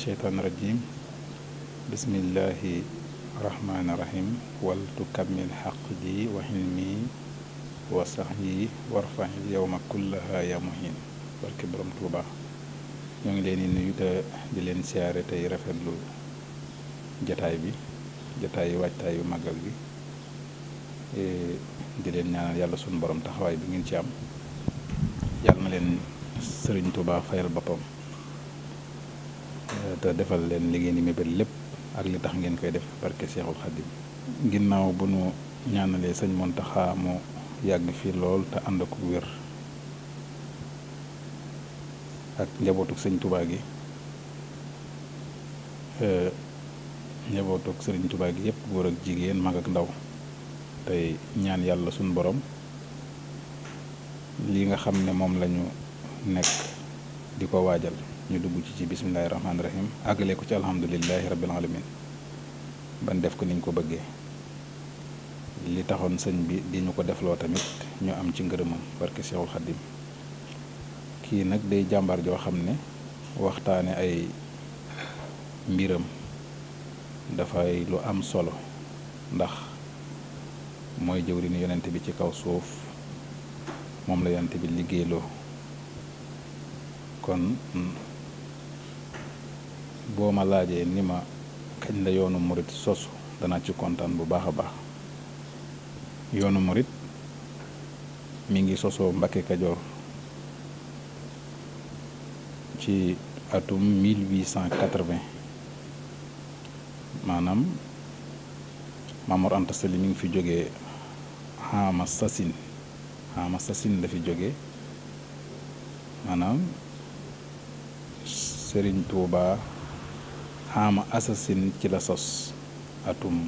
sheytaan rajim bismillahi rahmaani rahim wal tukammil xaq ji wa xilmi wa sax yi warfaxil yowma kullaha ya muhin barke borom tuuba ñoo ngi leen yi nuyu te di leen siyaare tey rafetlu jataay bi jataayu waajtaayu magal yi e, di leen ñaanal yàlla sunu boroom taxawaay bi ngeen ci am yàlla na leen sëriñ tuuba fayal boppam Euh, te defal leen liggéey ni mébét lépp ak li tax ngeen koy def barke Seexul Xadim ginnaaw bu nu ñaanalee sëñ Montaxa mu yàgg fii lool te ànd ak wér ak njabootuk sëñ Tubaa gi euh, njabootuk sëriñ Tubaa gi yépp góor ak jigéen mag ak ndaw tey ñaan yàlla suñ boroom li nga xam ne moom lañu nekk di ko waajal ñu dugg ci ci bisimilahi rahmaani rahim àggale ko ci alhamdulilahi rabbil alamin ban def ko niñ ko bëggee li taxoon sëñ bi di ñu ko defloo tamit ñu am ci ngërëmam barke Seexul Xaddim kii nag day jàmbaar joo xam ne waxtaane ay mbiram dafay lu am solo ndax mooy jëwriñu yonent bi ci kaw suuf moom la yonent bi liggéeyloo kon boo ma laajee ni ma kañ la yoonu murit sosu danaa ci kontaan bu baax a baax yoonu murit mi ngi sosoo Mbàkke Kajoor ci atum 1880 maanaam Maamor Anta Sali mi ngi fi jóge xaama sasin xaama sasin la fi jóge maanaam Sëriñ Tuubaa xaama assasine ci la sos atum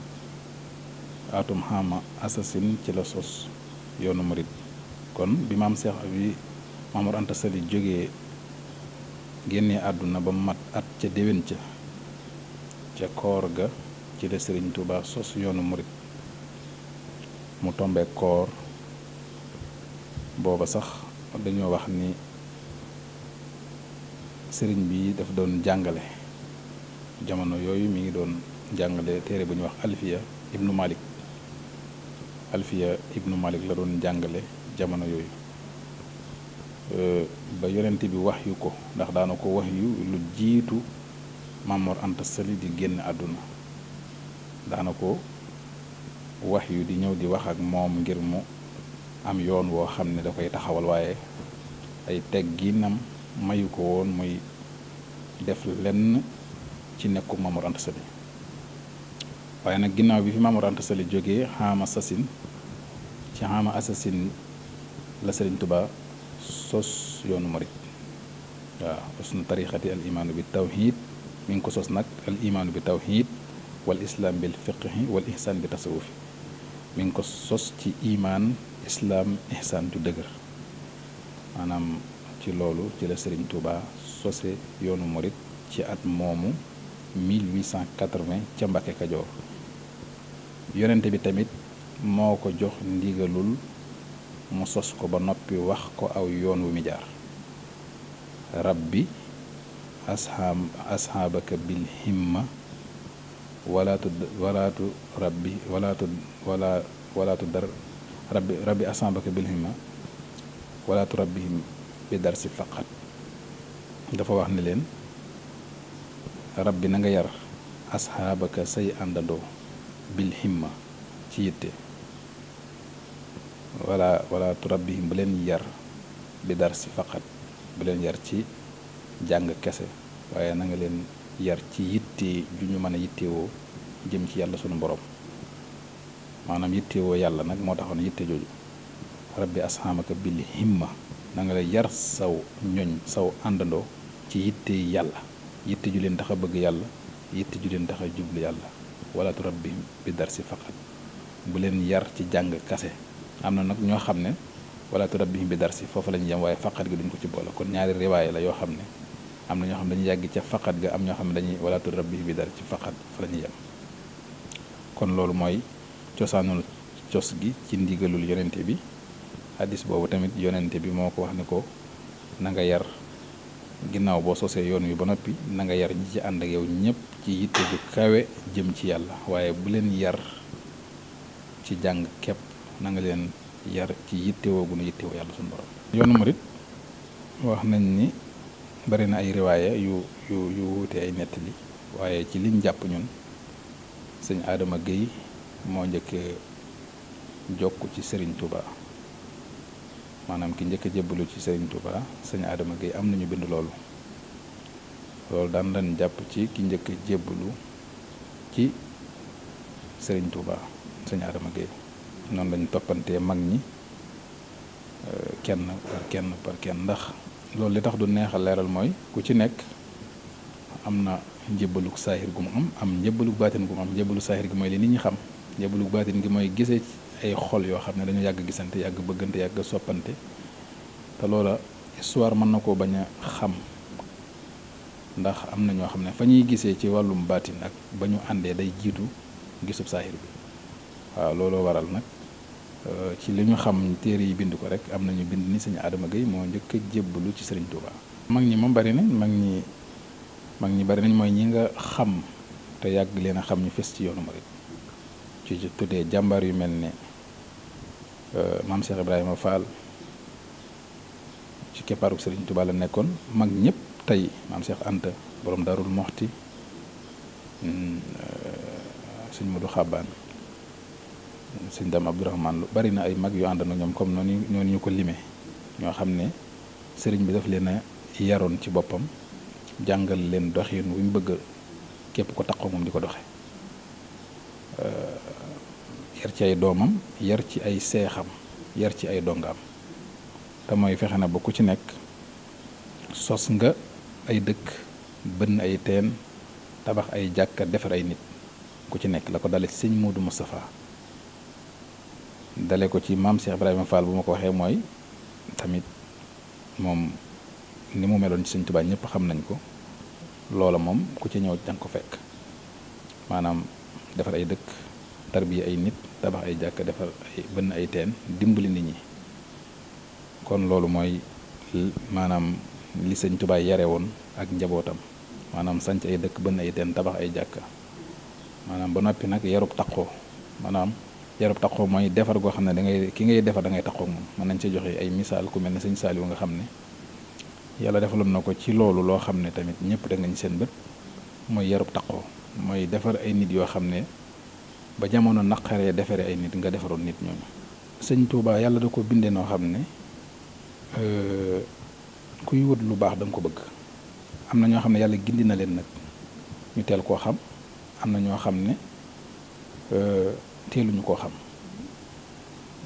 atum xaama assasine ci la sos yoonu marit kon bi maam Seex bi Maamor Anta jóge génne àdduna ba mu mat at ca déwén ca ca koor ga ci la Sëriñ Tuubaa sos yoonu murit mu tombe koor booba sax dañoo wax ni sëriñ bi dafa doon jàngale jamono yooyu mi ngi doon jàngale téere bu ñuy wax alfiya ibnu malik alfiya ibnu malik la doon jàngale jamono yooyu ba yonent bi wax yu ko ndax daana ko wax yu lu jiitu Mamor Anta di génn àdduna daana ko wax yu di ñëw di wax ak moom ngir mu am yoon woo xam ne da koy taxawal waaye ay teg tegginam mayu ko woon muy def lenn ci nekku Mamour Anta Sali waaye nag ginnaaw bi fi Mamour Anta Sali jógee xaama sasin ci xaama assasine la Sëriñ Tuba sos yoonu murit waaw sos na tarixati al imaanu bi tawhid mi ngi ko sos nag al imaanu bi tawhid wal islaam bil fiqhi wal ihsaan bi tasawufi mi ngi ko sos ci imaan islaam ihsaan ju dëgër maanaam ci loolu ci la Sëriñ Tuba sose yoonu murit ci at moomu 1880 ca Mbacke Kajoor yonent bi tamit moo ko jox ndigalul mu sos ko ba noppi wax ko aw yoon wu mi rab bi asxaab asxaabaka bil himma walaatu walaatu rabbi walaatu wala walaatu dar rabbi rabbi asxaabaka bil himma walaatu rabbihim bi dar si faqat dafa wax ne leen rabbi na nga yar asxaabaka say àndandoo bil himma ci yitte wala wala turabbihim bu leen yar bi dar si faqat bu leen yar ci jàng kese waaye na nga leen yar ci yitte ju ñu mën a yittewoo jëm ci yàlla sunu borom maanaam yittewoo yàlla nag moo taxoon yitte jooju rabbi asxaabaka bil himma na nga lay yar saw ñoñ saw àndandoo ci yitte yàlla yitte ju leen tax a bëgg yàlla yitte ju leen tax a jublu yàlla wala turabbihim bi si faqat bu leen yar ci jàng kase am na nag ñoo xam ne wala turabbihim bi dar si foofu la ñu yem waaye faqat gi duñ ko ci boole kon ñaari riwaay la yoo xam ne am na xam ne dañuy yàgg ca faqat ga am ñoo xam ne dañuy wala turabbihim bi darsi faqat fa la ñuy yem kon loolu mooy cosaanul cos gi ci ndigalul yonente bi hadis boobu tamit yonente bi moo ko wax ne ko na nga yar ginnaaw boo sosee yoon wi ba noppi nanga yar ñi ci ànd ak yow ñëpp ci yitte ju kawe jëm ci yàlla waaye bu leen yar ci jàng képp na nga leen yar ci yittewoo gu nu yittewoo yàlla suñu borom. yoonu murit wax nañ ni bari na ay riwaaya yu yu yu wuute ay nettali waaye ci liñ jàpp ñun sëñ aadama Guèye moo njëkk jokk ci sëriñ Touba. maanaam ki njëkk jébbalu ci sëriñ Touba sëñ Adama Gueye am nañu bind loolu loolu daan lañ jàpp ci ki njëkk jébbalu ci sëriñ Touba sëñ Adama Gueye noonu lañ toppantee mag ñi euh, kenn par kenn par kenn ndax loolu li tax du neexal leeral mooy ku ci nekk am na njëbbaluk saahir gu mu am am njëbbaluk baatin gu mu am njëbbalu saahir gi mooy li nit ñi xam njëbbaluk baatin gi mooy gisee ci ay xol yoo xam ne dañu yàgg gisante yàgg bëggante yàgg soppante te loola histoire mën na koo bañ a xam ndax am na ñoo xam ne fa ñuy gisee ci wàllum baatin ak ba ñu àndee day jiitu gisub saahir bi waaw looloo waral nag euh, ci li ñu xam téere yi bind ko rek am nañu bind ni sëñ Adama Gueye moo njëkk a jébbalu ci sëriñ Touba. mag ñi moom bari nañ mag ñi mag ñi bari nañ mooy ñi nga xam te yàgg leen a xam ñu fes ci yoonu murid ci tuddee jàmbaar yu mel ne Euh, maam Cheikh Ibrahima Fall ci keppaaru Serigne Touba la nekkoon mag ñëpp tey maam Cheikh Anta borom Darul Moxti sëñ Modou Xabaan sëñ Dame Abdourahmane lu bari na ay mag yu ànd na ñoom comme noonu noonu ñu ko lime ñoo xam ne sëriñ bi daf leen a yaroon ci boppam jàngal leen doxin wu ñu bëgg képp ko taxaw moom di ko doxe ci ay doomam yar ci ay seexam yar ci ay dongaam te mooy fexe na ba ku ci nekk sos nga ay dëkk bënn ay teen tabax ay jàkka defar ay nit ku ci nekk la ko dale ci sëñ Moodu Moustapha dale ko ci maam seex Ibrahima Fall bu ma ko waxee mooy tamit moom ni mu meloon ci sëñ Tuubaa ñëpp xam nañ ko loola moom ku ci ñëw danga ko fekk maanaam defar ay dëkk tarbiya ay nit tabax ay jàkk defar ay bënn ay teen dimbali nit ñi kon loolu mooy maanaam li sëñ Tuubaa yare woon ak njabootam maanaam sanc ay dëkk bënn ay teen tabax ay jàkk maanaam ba noppi nag yarub taqoo maanaam yarub taqoo mooy defar goo xam ne da ngay ki ngay defar da ngay moom mën nañ ci joxe ay misaal ku mel ne sëñ Saaliw nga xam ne yàlla defaloon na ko ci loolu loo xam ne tamit ñëpp da ngañ seen bët mooy yarub taqoo mooy defar ay nit yoo xam ne ba jamono naqaree defaree ay nit nga defaroon nit ñooñu sëñ Touba yàlla da ko bindee noo xam ne euh, kuy wut lu baax da ko bëgg am na ñoo xam ne yàlla gindi na leen nag ñu teel koo xam am na ñoo xam ne euh, teeluñu koo xam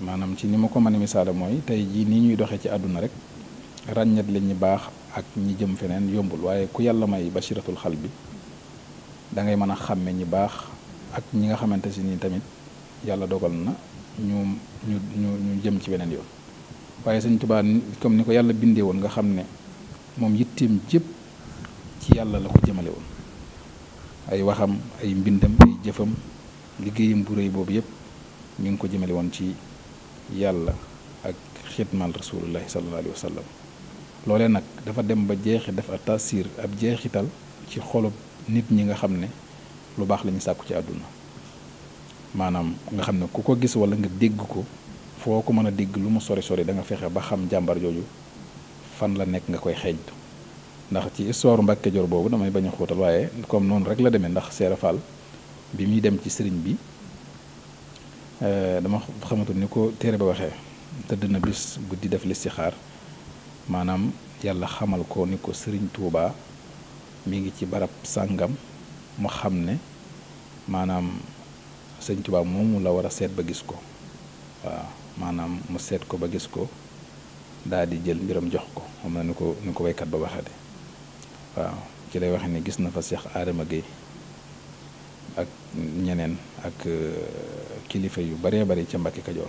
maanaam ci ni ma ko mën a misaale mooy tey jii nii ñuy doxee ci àdduna rek ràññat la ñu baax ak ñi jëm feneen yombul waaye ku yàlla may basiratul xal bi da mën a xàmme ñi baax ak ñi nga xamante si nii tamit yàlla dogal na ñu ñu ñu ñu jëm ci weneen yoon waaye sëñ Tuubaa comme ni ko yàlla bindee woon nga xam ne moom yitteem jëpp ci yàlla la ko jëmale woon ay waxam ay mbindam ay jëfam liggéeyam bu réy boobu yëpp ñu ngi ko jëmale woon ci yàlla ak xidmal rasulullahi sallallahu alayhi wa loolee nag dafa dem ba jeexi dafa tasir ab jeexital ci xolub nit ñi nga xam ne lu baax la ñu sàkku ci àdduna maanaam nga xam ne ku ko gis wala nga dégg ko foo ko mën a dégg lu mu sori sori danga fexe ba xam jàmbar jooju fan la nekk nga koy xeeñtu ndax ci histoire Mbàkke Kajoor boobu damay bañ a xóotal waaye comme noonu rek la demee ndax Seera Fall bi muy dem ci sëriñ bi euh, dama xamatul ni ko téere ba waxee tëdd na bis guddi def xaar maanaam yàlla xamal ko ni ko sëriñ Tuubaa mi ngi ci barab sàngam mu xam ne maanaam sëñ Tuubaa moomu la war a seet ba gis ko waaw maanaam mu seet ko ba gis ko daal di jël mbiram jox ko xam na ni ko ni ko waykat ba waxee de waaw ci lay waxe ne gis na fa Seex Adama Gueye ak ñeneen ak euh, kilifa yu baree bari ca Mbàkke Kajoor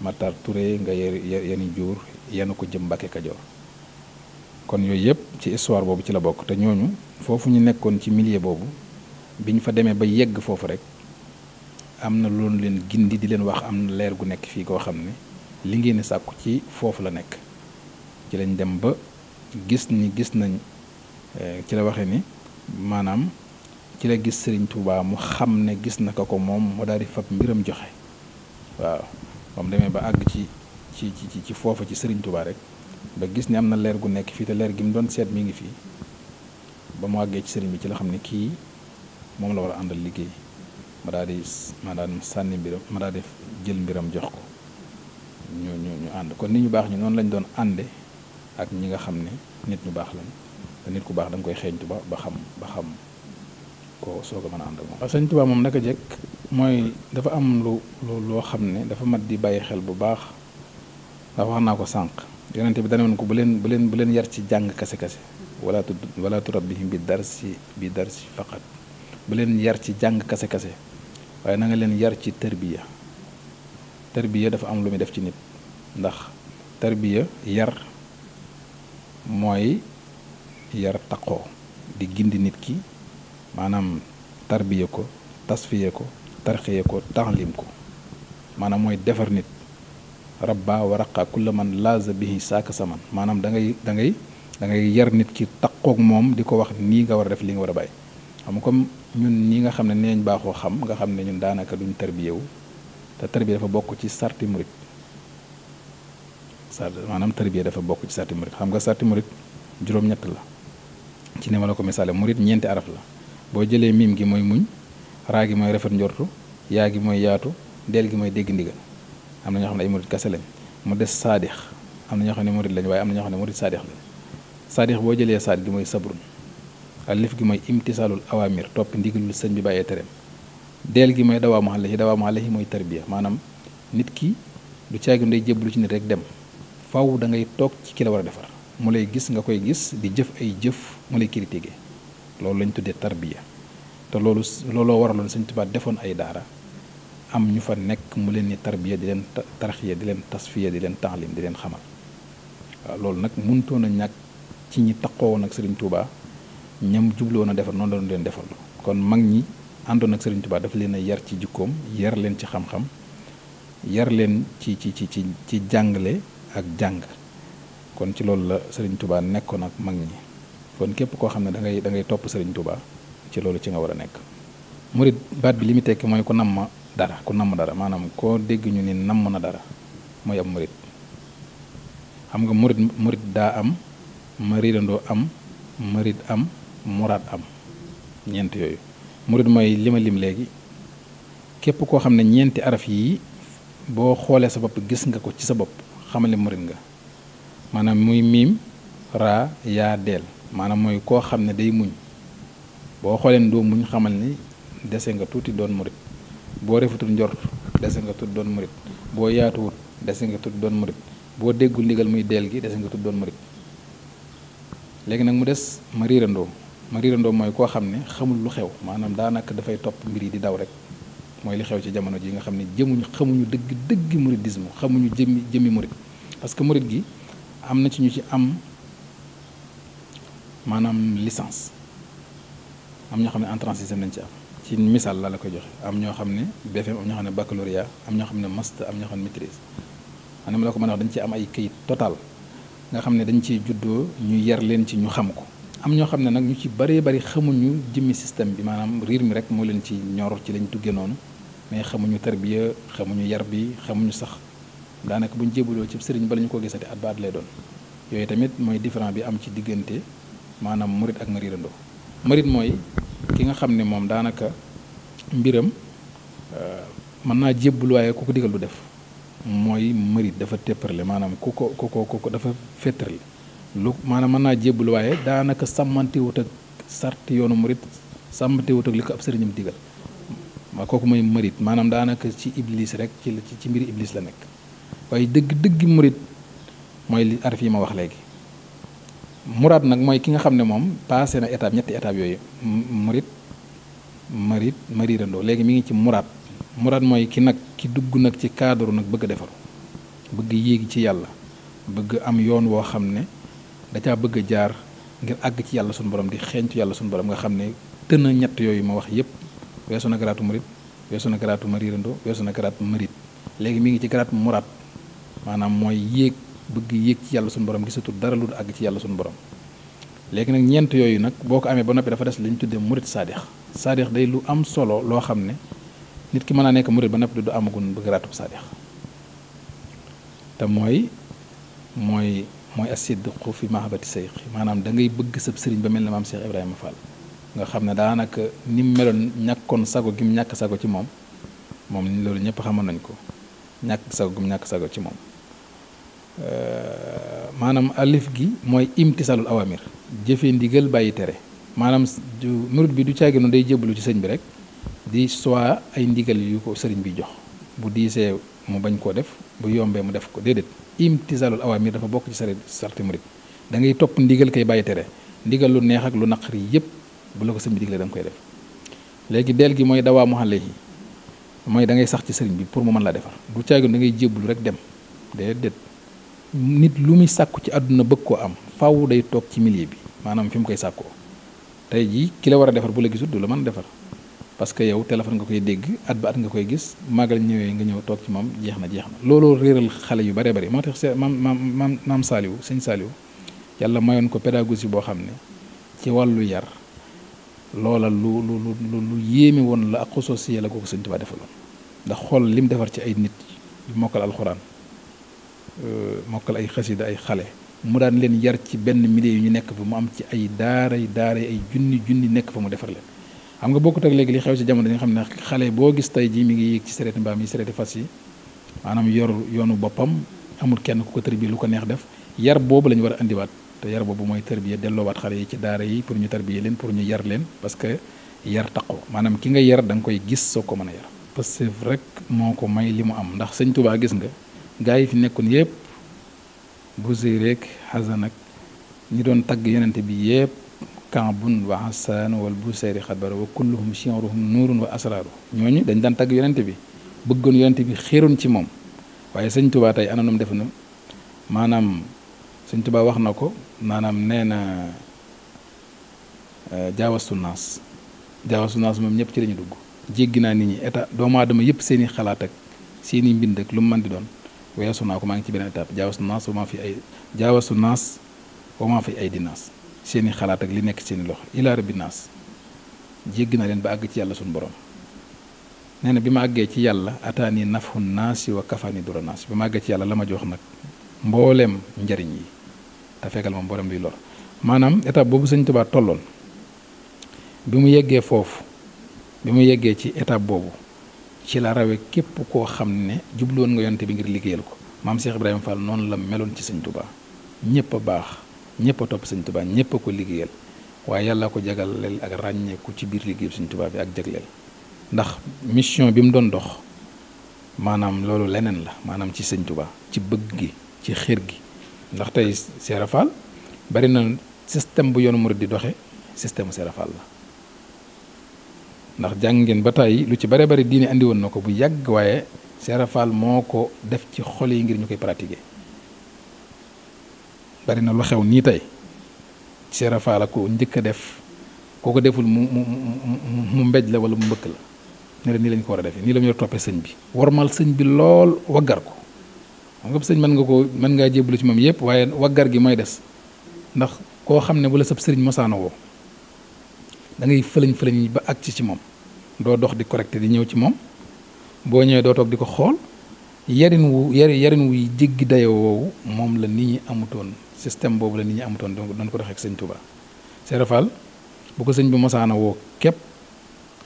Matar Touré nga yeni jur yenn ko jëm Mbàkke Kajoor kon yooyu yëpp ci histoire boobu ci la bokk te ñooñu foofu ñu nekkoon ci millier boobu biñ fa demee ba yegg foofu rek am na loolu leen gindi di leen wax am na leer gu nekk fii koo xam ne li ngeen sàkku ci foofu la nekk ci lañ dem ba gis ni gis nañ eh, ci la waxe ni maanaam ci la gis Sëriñ Tuubaa mu xam ne gis na ko ko moom mu daal di fab mbiram joxe waaw moom demee ba àgg ci ci ci ci foofa ci Sëriñ Tuubaa rek ba gis ni am na leer gu nekk fii te leer gi mu doon seet mi ngi fii ba mu àggee ci sëriñ bi ci la xam ne kii moom la war a àndal liggéey ma daal di ma daal sànni mbiram ma daal di jël mbiram jox ko ñu ñu ñu ànd kon nit ñu baax ñu noonu lañu doon ànde ak ñi nga xam ne nit ñu baax lañ te nit ku baax da koy xeeñtu ba ba xam ba xam ko soo ko mën a ànd ak moom. waaw sëñ Tuubaa moom naka jekk mooy dafa am lu loo xam ne dafa mat di bàyyi xel bu baax ndax wax naa ko sànq yonente bi danoon ko bu leen bu leen bu leen yar ci jàng kase kase wala tu wala tu rabbihim bi darsi bi darsi bu leen yar ci jàng kase kase waaye na nga leen yar ci tarbiya tarbiya dafa am lu muy def ci nit ndax tarbiya yar mooy yar taqoo di gindi nit ki maanaam tarbiya ko tasfiya ko tarxiya ko taalim ko maanaam mooy defar nit rabba wa raqa kulla man bi bihi saaka man maanaam da ngay da ngay da yar nit ki taqoog moom di ko wax nii nga war a def li nga war a bàyyi xam comme ñun ñi nga xam ne neeñ baaxoo xam nga xam ne ñun daanaka duñ tarbiyewu te tarbiye dafa bokk ci sarti murit sa maanaam tarbiye dafa bokk ci sarti murit xam nga sarti murit juróom-ñett la ci ne ma la ko misaale murit ñeenti araf la boo jëlee miim gi mooy muñ raa gi mooy rafet njortu yaa gi mooy yaatu del gi mooy dégg ndigal am na ñoo xam ne ay murit kase lañ mu des saadix am na ñoo xam ne murit lañ waaye am na ñoo xam ne murit saadix lañ saadix boo jëlee saad gi mooy sabrun alif gi mooy imtisaalul awaamir topp ndigalul sëñ bi bàyyee tereem dell gi mooy dawaamu xale yi dawaamu xale yi mooy tarbiya maanaam nit ki du caagi day jébbalu ci nit rek dem faw da ngay toog ci ki la war a defar mu lay gis nga koy gis di jëf ay jëf mu lay critiqué loolu lañ tuddee tarbiya te loolu looloo waraloon sëñ Tuubaa defoon ay daara am ñu fa nekk mu leen ni tarbiya di leen tarxiya di leen tasfiya di leen taalim di leen xamal waaw loolu nag mënutoon a ñàkk ci ñi taqoo woon ak sëriñ Tuubaa ñam jublu woon defar noonu la doon leen kon mag ñi àndoon ak Serigne Touba dafa leen a yar ci jikkoom yar leen ci xam-xam yar leen ci ci ci ci ci jàngale ak jàng kon ci loolu la Serigne Touba nekkoon ak mag ñi kon képp koo xam ne dangay ngay da ngay topp sëriñ tubaa ci loolu ci nga war a nekk. murit baat bi li mu tekki mooy ku namm dara ku namm dara maanaam koo dégg ñu ni namm na dara mooy am murit xam nga murit murit daa am maridandoo am murit am. muraad am ñeent yooyu murid mooy li ma lim léegi képp koo xam ne ñeenti araf yii boo xoolee sa bopp gis nga ko ci sa bopp xamal ne murid nga maanaam muy miim raa yaa deel maanaam mooy koo xam ne day muñ boo xoolee xooleen doo muñ xamal ni dese nga tuuti doon murid boo refetul njort dese nga tuuti doon murid boo yaatuwut dese nga tuuti doon murid boo déggul ndigal muy deel gi dese nga tuuti doon murid léegi nag mu des ma riirandoo ma ndoom mooy koo xam ne xamul lu xew maanaam daanaka dafay topp mbir yi di daw rek mooy li xew ci jamono ji nga xam ne jëmuñu xamuñu dëgg dëgg muridisme xamuñu jëmmi jëmmi murid parce que murid gi am na ci ñu ci am maanaam licence am ñoo xam ne entrée en sixième ci am ci misaal la la koy joxe am ñoo xam ne BFM am ñoo xam ne baccalauréat am ñoo xam ne master am ñoo xam ne maîtrise maanaam la ko mën a wax dañ ci am ay kayit total nga xam ne dañ ciy juddoo ñu yar leen ci ñu xam ko am ñoo xam ne nag ñu ci bëree bari xamuñu jëmmi système bi maanaam riir mi rek moo leen ci ñor ci lañ duggee noonu mais xamuñu tarbiya xamuñu yar bi xamuñu sax daanaka buñ jébaloo ci sëriñ ba lañu ko gisati at baat lay doon yooyu tamit mooy différent bi am ci diggante maanaam murit ak mariirandoo marit mooy ki nga xam ne moom daanaka mbiram euh, mën naa jébbal waaye ku ko digal du def mooy marit dafa tepparle maanaam ku ko ku ko ku ko dafa fettarle lu maanaam mën naa jébbalu waaye daanaka sàmmantewut ak sart yoonu murit sàmmantewut ak li ko ab sëriñam digal ma kooku mooy murit maanaam daanaka ci iblis rek ci ci mbiri iblis la nekk waaye dëgg dëgg murit mooy li araf yi ma wax léegi muraad nag mooy ki nga xam ne moom passé na étape ñetti étape yooyu murit marit marirandoo léegi mi ngi ci muraad muraad mooy ki nag ki dugg nag ci cadre nag bëgg a defaru bëgg yéegi ci yàlla bëgg am yoon woo xam ne da bëgg a jaar ngir àgg ci yàlla suñu borom di xeeñtu yàlla suñu borom nga xam ne tën a ñett yooyu ma wax yépp weesu na garaatu murit weesu na garaatu marirando weesu na garaatu marit léegi mi ngi ci garaatu muraat maanaam mooy yéeg bëgg yéeg ci yàlla suñu borom gisatul dara lu àgg ci yàlla suñu borom léegi nag ñeent yooyu nag boo ko amee ba noppi dafa des li ñu tuddee murit saadix saadix day lu am solo loo xam ne nit ki mën naa nekk murit ba noppi du amagun bu garaatub saadix te mooy mooy mooy asidqu fi mahabati seyx maanaam dangay bëgg sëb sëriñ ba mel ne maam Cheikh Ibrahima Fall nga xam ne daanaka ni mu meloon ñàkkoon sago gi mu ñàkk sago ci moom moom loolu ñëpp xamoon nañ ko ñàkk sago gi sago ci moom euh, maanaam alif gi mooy imtisalul awamir jëfe ndigal bàyyi tere maanaam murid bi du caaginu day jébbalu ci sëñ bi rek di soit ay ndigal yu ko sëriñ bi jox bu diisee mu bañ koo def bu yombee mu def ko déedéet imtisaalul awaamir dafa bokk ci sare sarti murit dangay ngay topp ndigal kay bàyyi tere ndigal lu neex ak lu naqari yépp bu la ko sëñ bi diglee da nga koy def léegi del gi mooy dawaa mu mooy da ngay sax ci sëriñ bi pour mu mën laa defar du caagin da ngay jébbalu rek dem déedéet nit lu muy sàkku ci àdduna bëgg koo am faaw day toog ci milieu bi maanaam fi mu koy sàkkoo tey jii ki la war a defar bu la gisul du la mën a defar parce que yow téléphone nga koy dégg at ba at nga koy gis màggal ñëwee nga ñëw toog ci moom jeex na jeex na looloo réeral xale yu bare bari moo te se maam maam maam maam Saliou sëñ Saliou yàlla mayoon ko pédagogie boo xam ne ci wàllu yar loola lu lu lu yéeme woon la ak xososiyé la ko ko sëñ Tuubaa defaloon ndax xool lim defar ci ay nit yu mokkal alxuraan euh, mokkal ay xasida ay xale mu daan leen yar ci benn milieu yu ñu nekk fa mu am ci ay daaray daaray ay junni junni nekk fa mu defar leen am nga bokkut ak léegi li xew ci jamono yi nga xam ne xale boo gis tey jii mi ngi yéeg ci sereeti mbaam yi sereeti fas yi maanaam yor yoonu boppam amul kenn ku ko tërbiya lu ko neex def yar boobu la ñu war a indiwaat te yar boobu mooy tërbiya delloowaat xale yi ci daara yi pour ñu tërbiya leen pour ñu yar leen parce que yar taqoo maanaam ki nga yar da nga koy gis soo ko mën a yar parce que rek moo ko may li mu am ndax sañ Tuubaa gis nga gaa yi fi nekkoon yëpp rek xasan ak ñi doon tagg yonente bi yëpp kaabun wa hassan wal busayri xadbara wa kulluhum chiruhum nuurun wa asraaru ñooñu dañ daan tagg yonente bi bëggoon yonente bi xiirun ci moom waaye sëñ tubaa tey na def na maanaam sëñ tubaa wax na ko maanaam nee na euh, jaawastu naas jaawastu naas moom ñëpp ci lañu dugg jéggi naa nit ñi doomu aadama yëpp seen xalaat ak seen i mbind ak lu mu mën di doon naa ko maa ngi ci jaawastu naas wa maa fi ay jaawastu naas seeni xalaat ak li nekk seeni loxo ilaa rabbi naas jégg na leen ba àgg ci yàlla suñu borom nee na bi ma àggee ci yàlla ataani nafhu naasi wa kafaani dura naas bi ma àggee ci yàlla la ma jox nag mbooleem njariñ yi te fegal ma mbooleem luy lor maanaam étape boobu sëñ Tuubaa tolloon bi mu foofu bi mu yeggee ci étape boobu ci la rawe képp koo xam ne jubluwoon nga yonte bi ngir liggéeyal ko maam Cheikh Ibrahima Fall noonu la meloon ci sëñ Tuubaa ñëpp a baax ñëpp topp sëñ tubaa ñëpp ko liggéeyal waaye yàlla ko jagaleel ak ràññeeku ci biir liggéeyal sëñ tubaa bi ak jagleel ndax mission bi mu doon dox maanaam loolu leneen la maanaam ci sëñ tubaa ci bëgg gi ci xir gi ndax tey Seera Fall bari na système bu yoonu murid di doxe système Seera Fall la ndax jàng ngeen ba tàyyi lu ci bare bari diine andi woon na ko bu yàgg waaye Seera moo ko def ci xol yi ngir ñu koy pratiquer bari na lu xew nii tey Cheikh Fall la ko njëkk a def koo ko deful mu mu mu mbéj la wala mu mbëkk la ne la nii lañ ko war a defee nii la ñu toppee sëñ bi. warmal sëñ bi lool waggar ko sëñ mën nga ko mën ngaa jébbalu ci moom yëpp waaye waggar gi mooy des ndax koo xam ne bu la sëriñ mosaana woo da ngay fëlañ ba àgg ci moom doo dox di correcté di ñëw ci moom boo ñëwee doo toog di ko xool yarin wu yarin wu jéggi dayoo woowu moom la nit ñi amutoon. système boobu la nit ñi amutoon donc doon ko doxee ak tubaa Touba bu ko sëñ bi mosaana woo képp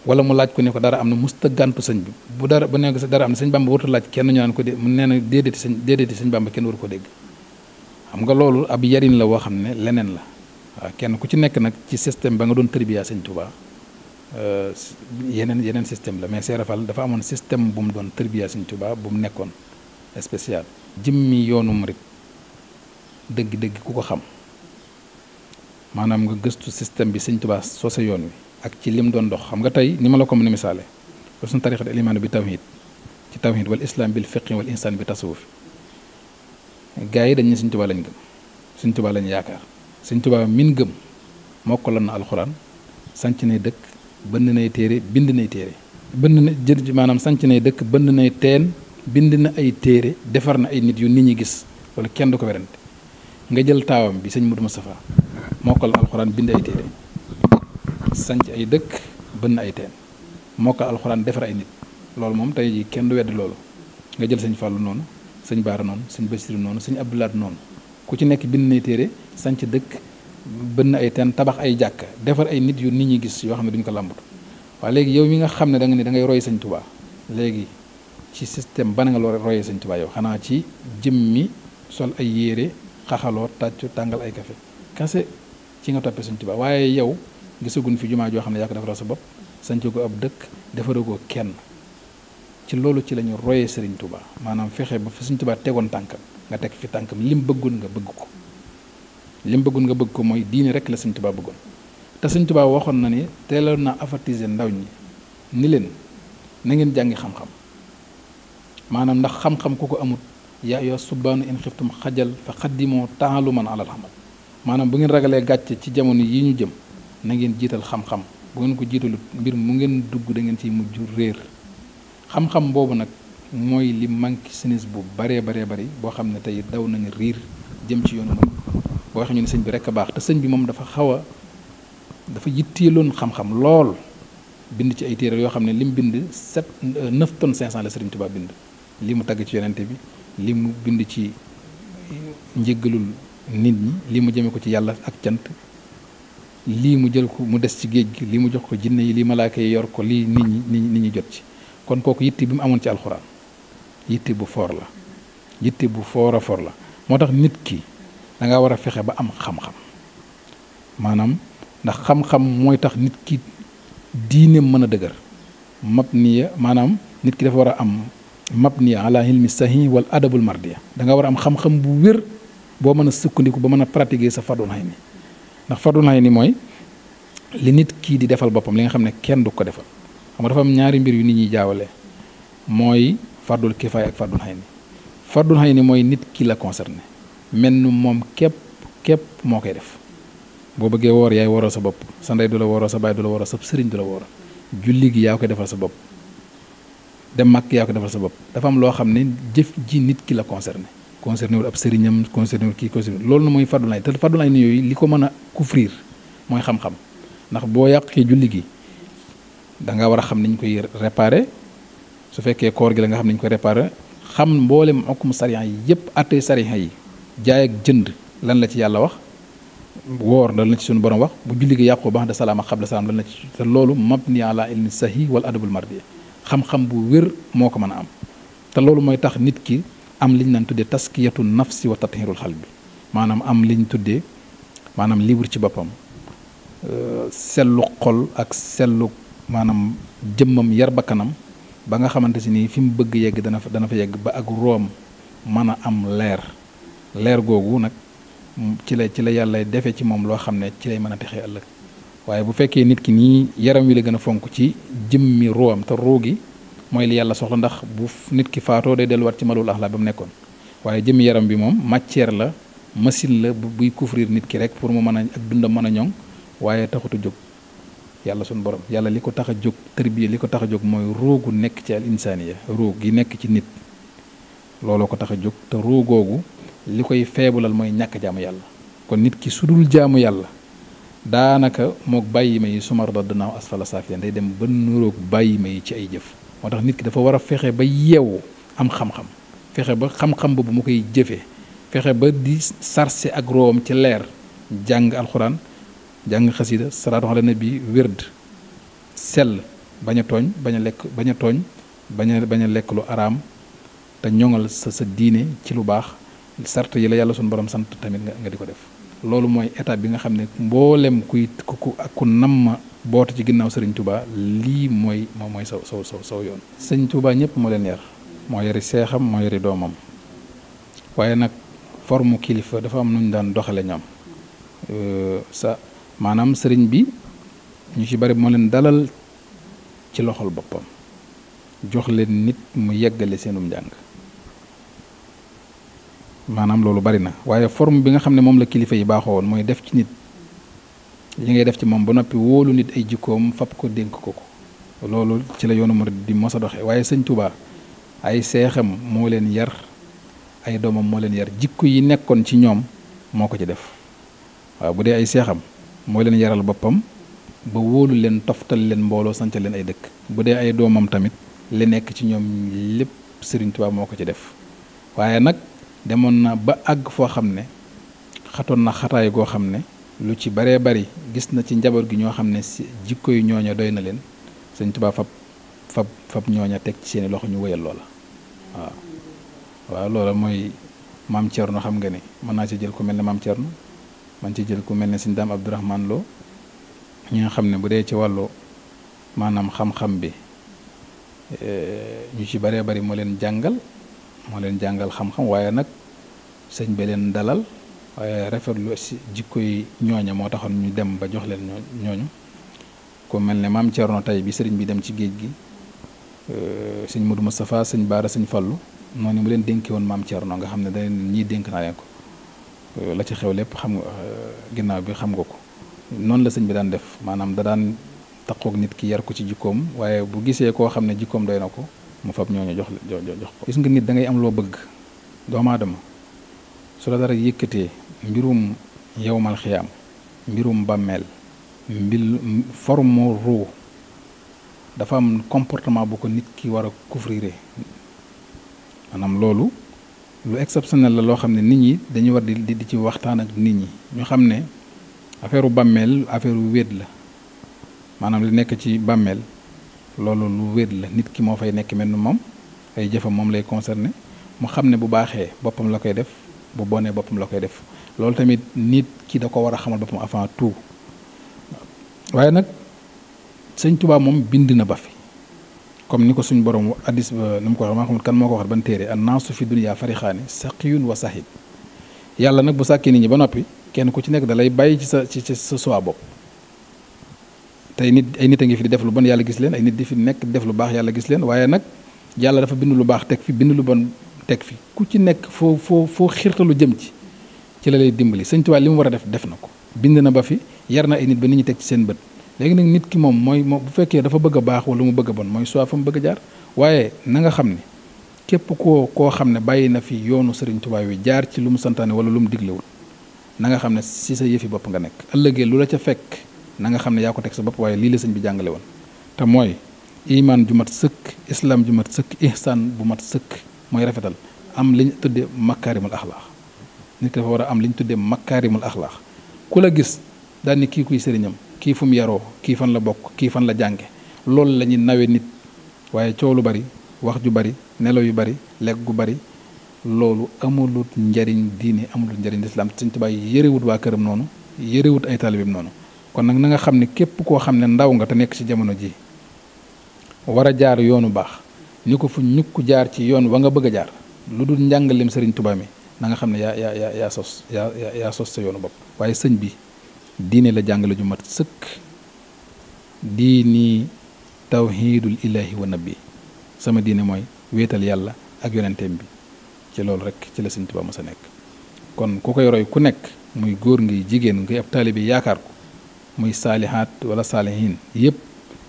wala mu laaj ko ne ko dara am na musta gàntu sëñ bi bu dara bu nekk dara am na sëñ Bamba warta kenn ñu ko dé mu nee na déedéeti sëñ déedéeti sëñ Bamba kenn waru ko dégg xam nga loolu ab yarin la woo xam ne leneen la waaw kenn ku ci nekk nag ci système ba nga doon tërbiyaa sëñ Touba euh, yeneen yeneen système la mais Serigne dafa amoon système bu mu doon tërbiyaa sëñ Touba bu mu nekkoon spécial jëmmi yoonu murit dëgg-dëgg ku ko xam maanaam nga gëstu système bi sëñ soo sose yoon wi ak ci lim doon dox xam nga tey ni ma la ko mën a misaale loolu suñu tariqat alimaanu bi tawhid ci tawhid wal islam bil fiqi wal insaan bi tasawuf gaa yi dañ ne sëñ Tuubaa lañ gëm sëñ Tuubaa lañ yaakaar sëñ Tuubaa min gëm mokkaloon na alxuraan sanc nay dëkk bënd nay téere bind nay téere bënd na jë maanaam sanc nay dëkk bënd nay teen bind na ay téere defar na ay nit yu nit ñi gis wala kenn du ko werante nga jël taawam bi sëñ Modou Moustapha mokkal alxuraan bind ay téere sanc ay dëkk bënn ay teen mokkal alxuraan defar ay nit loolu moom tey jii kenn du wedd loolu nga jël sañ Fallou noonu sëñ Baara noonu sëñ Bassirou noonu sëñ Abdoulaat noonu ku ci nekk bind nay téere sañc dëkk bënn ay teen tabax ay jàkk defar ay nit yu nit ñi gis yoo xam ne duñ ko làmbatu waaye léegi yow mi nga xam ne da nga ne da ngay roy sëñ Touba léegi ci système ban nga loo royee sëñ Touba xanaa ci jëmmi sol ay yére xaxaloo tàccu tàngal ay café kase ci nga toppee Sëñ Tuubaa waaye yow gisaguñ fi jumaa joo xam ne yaa ko defaral sa bopp sanc ko ab dëkk defaroo ko kenn ci loolu ci lañu ñu royee Sëriñ Tuubaa maanaam fexe ba fi Sëñ Tuubaa tegoon tànkam nga teg fi tànkam lim bëggoon nga bëgg ko lim bëggoon nga bëgg ko mooy diine rek la Sëñ Tuubaa bëggoon te Sëñ Tuubaa waxoon na ni teeloon na avertiser ndaw ñi ni leen na ngeen jàngi xam-xam maanaam ndax xam-xam ku ko amut yaa ayyuha subbaanu in xiftum xajal fa xaddimoo taaluman alal amal maanaam bu ngeen ragalee gàcce ci jamono yi ñu jëm nangeen jiital xam-xam bu ngeen ko jiitalut mbir mu ngeen dugg dangeen ngeen ciy mujj réer xam-xam boobu nag mooy li manque sinis bu baree baree bari boo xam ne tey daw nañu riir jëm ci yoonu mën boo waxee ne sëñ bi rek a baax te sëñ bi moom dafa xaw a dafa yitteeloon xam-xam lool bind ci ay téere yoo xam ne lim bind sept neuf tonnes cinq cent la Sëriñ Tuubaa bind lii mu tagg ci yonente bi li mu bind ci njëggalul nit ñi li mu jëme ko ci yàlla ak cant lii mu jël ko mu des ci géej gi li mu jox ko jinne yi lii malaaka yi yor ko lii nit ñi nit ñi jot ci kon kooku yitte bi mu amoon ci alxuraan yitte bu foor la yitte bu foor a foor la moo tax nit ki danga war a fexe ba am xam-xam maanaam ndax xam-xam mooy tax nit ki diine mën a dëgër mab nii maanaam nit ki dafa war a am mabniya ala ilmi sahi wal adabul mardiya da nga war a am xam-xam bu wér boo mën a sukkandiku ba mën a pratiquer sa fardul hayni ndax fardul hayni mooy li nit kii di defal boppam li nga xam ne kenn du ko defal xam nga dafa am ñaari mbir yu nit ñuy jaawale mooy fardul kifaay ak fardul hayni fardul hayni mooy nit ki la concerné mel nu moom képp képp moo koy def boo bëggee woor yaay waroo sa bopp sa ndey du la waroo sa baay du la waroo sa sëriñ du la waroo julli gi yaa koy defal sa bopp dem màkk yaa ko defal sa bopp dafa am loo xam ne jëf ji nit ki la concerné concerné wul ab sëriñam concerné wul kii concerné loolu na mooy fardulaay te fardulaay ne yooyu li ko mën a ko couvrir mooy xam-xam ndax boo yàqee julli gi danga war a xam niñ koy réparé su fekkee koor gi la nga xam niñ koy réparé xam mboolem okkum sariya yi yëpp àttee sariya yi jaay ak jënd lan la ci yàlla wax woor lan la ci suñu borom wax bu julli gi yàqoo baax de salaama xabla salaam lan la ci te loolu mabni ala ilmi sahi wal adabul mardi xam-xam bu wér moo ko mën a am te loolu mooy tax nit ki am liñ naan tuddee taskiyatu nafsi wa xal xalbi maanaam am liñ tuddee maanaam libre ci boppam euh, sellu xol ak sellu maanaam jëmmam yar ba kanam ba nga xamante si nii fi mu bëgg yegg dana fa dana fa yegg ba ak room mën a am leer leer googu nag ci la ci la yàlla defee ci moom loo xam ne ci lay mën a texee ëllëg waaye bu fekkee nit ki nii yaram wi la gën a fonk ci jëmmi am te ruu gi mooy li yàlla soxla ndax bu nit ki faatoo day delluwaat ci malul axlaa ba mu nekkoon waaye jëmmi yaram bi moom matière la machine la buy couvrir nit ki rek pour mu mën a ak dundam mën a ñoŋ waaye taxutu jóg yàlla suñu borom yàlla li ko tax a jóg tërbiye li ko tax a jóg mooy roogu nekk ci al insaaniya roog gi nekk ci nit looloo ko tax a jóg te googu li koy feebulal mooy ñàkk jaamu yàlla kon nit ki sudul jaamu yàlla daanaka moog bàyyi ma yi sumar da dinaaw asfala saafiliin day dem ba nuroog bàyyi ma yi ci ay jëf moo tax nit ki dafa war a fexe ba yeewu am xam-xam fexe ba xam-xam bu ma koy jëfee fexe ba di sarse ak room ci leer jàng alxuraan jàng xasida salaatu ala bi wérd sell baña tooñ bañ lekk bañ a tooñ bañ bañ a lekk lu araam te ñoŋal sa sa diine ci lu baax sart yi la yàlla suñu borom sant tamit nga nga di ko def loolu mooy étape bi nga xam ne mboolem kuy ku ku nam bootu ci ginnaw Serigne Touba lii mooy moom mooy saw saw saw saw yoon. Sëñ Touba ñëpp moo leen yar moo yari seexam moo yari doomam waaye nag forme kilifa dafa am nu ñu daan doxale ñoom euh, sa maanaam sëriñ bi ñu ci bari moo leen dalal ci loxol boppam jox leen nit mu yeggale seenu njàng. maanaam loolu bari na waaye forme bi nga xam ne moom la kilifa yi baaxoo woon mooy def ci nit li ngay def ci moom ba noppi wóolu nit ay jikkoom fab ko dénk ko ko loolu ci la yoonu murid di mos a doxee waaye sëñ Touba ay seexam moo leen yar ay doomam moo leen yar jikko yi nekkoon ci ñoom moo ko ci def bu dee ay seexam moo leen yaral boppam ba wóolu leen toftal leen mbooloo sancal leen ay dëkk bu dee ay doomam tamit li nekk ci ñoom lépp sëriñ Touba moo ko ci def waaye nag demoon na ba àgg foo xam ne xatoon na xataay goo xam ne lu ci baree bari gis na ci njaboot gi ñoo xam ne si jikko yu ñooña doy na leen sëñ Tuubaa fab fab fab ñooña teg ci seeni loxo ñu wëyal loola waaw waaw loola mooy maam Thierno xam nga ni mën naa ci jël ku mel ne maam Thierno man ci jël ku mel ne sëñ Daam Abdourahman Lo ñi nga xam ne bu dee ci wàllu maanaam xam-xam bi eh, ñu ci baree bari moo leen jàngal moo leen jàngal xam-xam waaye nag sëñ bi leen dalal waaye rafetlu si jikko yi ñooña moo taxoon ñu dem ba jox leen ñooñu ku mel ne maam Thierno tey bi sëriñ bi dem ci géej gi euh, sëñ Modou Moustapha sëñ Baara sëñ Fallu noonu mu leen dénki woon maam Thierno nga xam ne da ñii dénk naa euh, la ci xew lépp xam nga euh, ginnaaw bi xam nga ko noonu la sëñ bi daan def maanaam da daan taqoog nit ki yar ko ci jikkoom waaye bu gisee koo xam ne jikkoom doy na ko mu fab ñooñu jox jox ko. gis nga nit da ngay am loo bëgg doomu aadama su la dara yëkkatee mbirum yowmal xiyaam mbirum bàmmeel mbil forme ruu dafa am comportement bu ko nit ki war a couvrir maanaam loolu lu exceptionnel la loo xam ne nit ñi dañu war di di ci waxtaan ak nit ñi ñu xam ne affaire bàmmeel affaire wéet la maanaam lu nekk ci bàmmeel loolu lu wéet la nit ki moo fay nekk mel ni moom ay jëfam moom lay concerné mu xam ne bu baaxee boppam la koy def bu bonee boppam la koy def loolu tamit nit ki da ko war a xamal boppam avant tout waaye nag sëñ Tuubaa moom bind na ba fi comme ni ko suñ borom addis ba ni mu ko waxee maa xamul kan moo ko waxat ban téere an naasu fi dunya farixaani saqiyun wa sahid yàlla nag bu sàkkee nit ñi ba noppi kenn ku ci nekk dalay lay bàyyi ci sa ci sa soi bopp tey nit ay nit a ngi fi di def lu bon yàlla gis leen ay nit di fi nekk def lu baax yàlla gis leen waaye nag yàlla dafa bind lu baax teg fi bind bon teg fi ku ci nekk foo foo foo xirtalu jëm ci ci la lay dimbali sëñ Tuubaa li mu war a def def na ko bind na ba fi yar na ay nit ba nit ñi teg ci seen bët léegi nag nit ki moom mooy moom bu fekkee dafa bëgg a baax wala mu bëgg a bon mooy soit fa mu bëgg a jaar waaye nanga xam ne képp ko koo xam ne bàyyi na fi yoonu sëriñ Tuubaa wi jaar ci lu mu santaane wala lu mu diglewul nanga xam ne si sa yëfi bopp nga nekk ëllëgee lu la ca fekk nanga xam ne yaa ko teg sa bopp waaye lii la sëñ bi jàngale te mooy imaan ju mat sëkk islaam ju mat sëkk ihsaan bu mat sëkk mooy rafetal am li ñu tuddee makaarimul axlaax nit ki dafa war a am li ñu tuddee makaarimul axlaax ku la gis daal ni kii kuy sëriñam kii fu mu yaroo kii fan la bokk kii fan la jànge loolu lañuy ñuy nawe nit waaye coow lu bari wax ju bari nelaw yu bari lekk gu bari loolu amulut njariñ diine amulut njariñ lislaam Sëñ Tuubaa yërewut waa këram noonu yërewut ay taalibeem noonu kon nag na nga xam ne képp koo xam ne ndaw nga te nekk ci jamono ji war a jaar yoonu baax ni ko fu ñukk jaar ci yoon wa nga bëgg a jaar lu dul njàngaleem sëriñ Tuubaa mi na xam ne yaa yaa yaa sos yaa yaa sos sa yoonu bopp waaye sëñ bi diine la jàngale ju mat sëkk diini tawhidul ilahi wa nabi sama diine mooy wéetal yàlla ak yonenteem bi ci loolu rek ci la sëñ Tuubaa ma sa nekk kon ku koy roy ku nekk muy góor ngi jigéen ngi ab taalibe yaakaar ko muy saalihaat wala saalihiin yëpp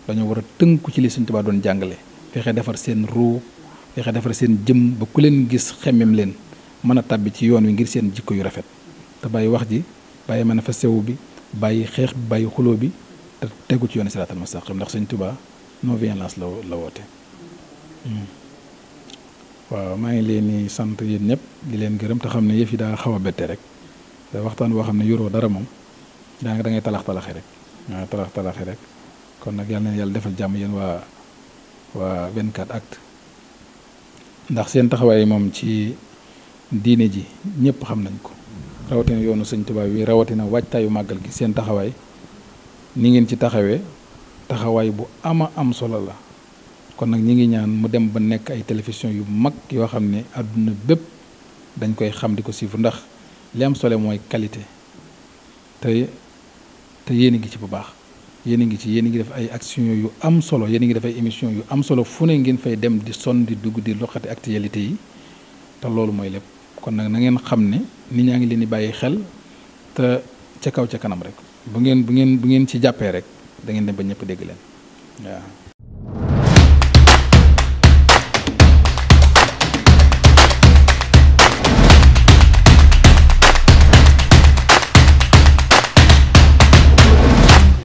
dañoo war a tënku ci li sëñ Tuubaa doon jàngale fexe defar seen ruu fexe defar seen jëm ba ku leen gis xemmem leen mën a tàbbi ci yoon wi ngir seen jikko yu rafet te bàyyi wax ji bàyyi manifesté wu bi bàyyi xeex bi bàyyi xuloo bi te tegu ci yoon yoonu ma mustaqim ndax Sëñ Tuubaa non violence la la woote hmm. waaw maa ngi leen di sant yéen ñëpp di leen gërëm te xam ne yëf yi daa xaw a bette rek te waxtaan boo xam ne yoroo dara moom daa nga da ngay talax talaxee rek waaw talax talaxee rek kon nag jàmm yéen waa waa 24 actu ndax seen taxawaay moom ci diine ji ñëpp xam nañ ko rawatina yoonu sëñ Tuubaa wi rawatina waajtaayu màggal gi seen taxawaay ni ngeen ci taxawee taxawaay bu ama am solo la kon nag ñi ngi ñaan mu dem ba nekk ay télévision yu mag yoo xam ne àdduna bépp dañ koy xam di ko suivre ndax li am solo mooy qualité te te yéen a ngi ci bu baax yéen a ngi ci yéen a ngi def ay action yu am solo yéen a ngi dafay ay émission yu am solo fu ne ngeen fay dem di sonn di dugg di loxati actualité yi te loolu mooy lépp kon nag na ngeen xam ne nit ñaa ngi leen di bàyyi xel te ca kaw ca kanam rek bu ngeen bu ngeen bu ngeen ci jàppee rek da ngeen dem ba ñëpp dégg leen waaw